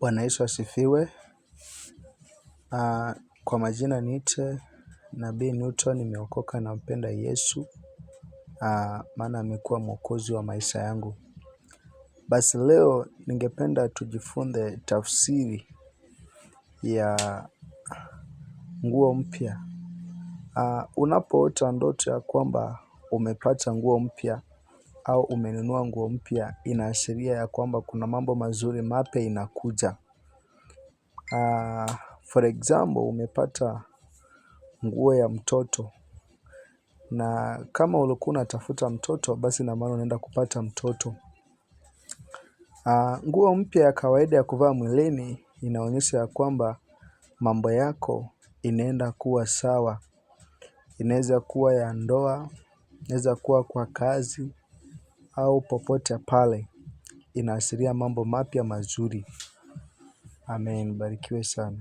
Bwana Yesu asifiwe. Kwa majina niite Nabii Newton, nimeokoka nampenda Yesu maana amekuwa mwokozi wa maisha yangu. Basi leo ningependa tujifunze tafsiri ya nguo mpya. Unapoota ndoto ya kwamba umepata nguo mpya, au umenunua nguo mpya inaashiria ya kwamba kuna mambo mazuri mapya inakuja. Ah, for example umepata nguo ya mtoto na kama ulikuwa unatafuta mtoto basi na maana unaenda kupata mtoto. Ah, nguo mpya ya kawaida ya kuvaa mwilini inaonyesha ya kwamba mambo yako inaenda kuwa sawa. inaweza kuwa ya ndoa, inaweza kuwa kwa kazi au popote pale inaashiria mambo mapya mazuri. Amen, barikiwe sana.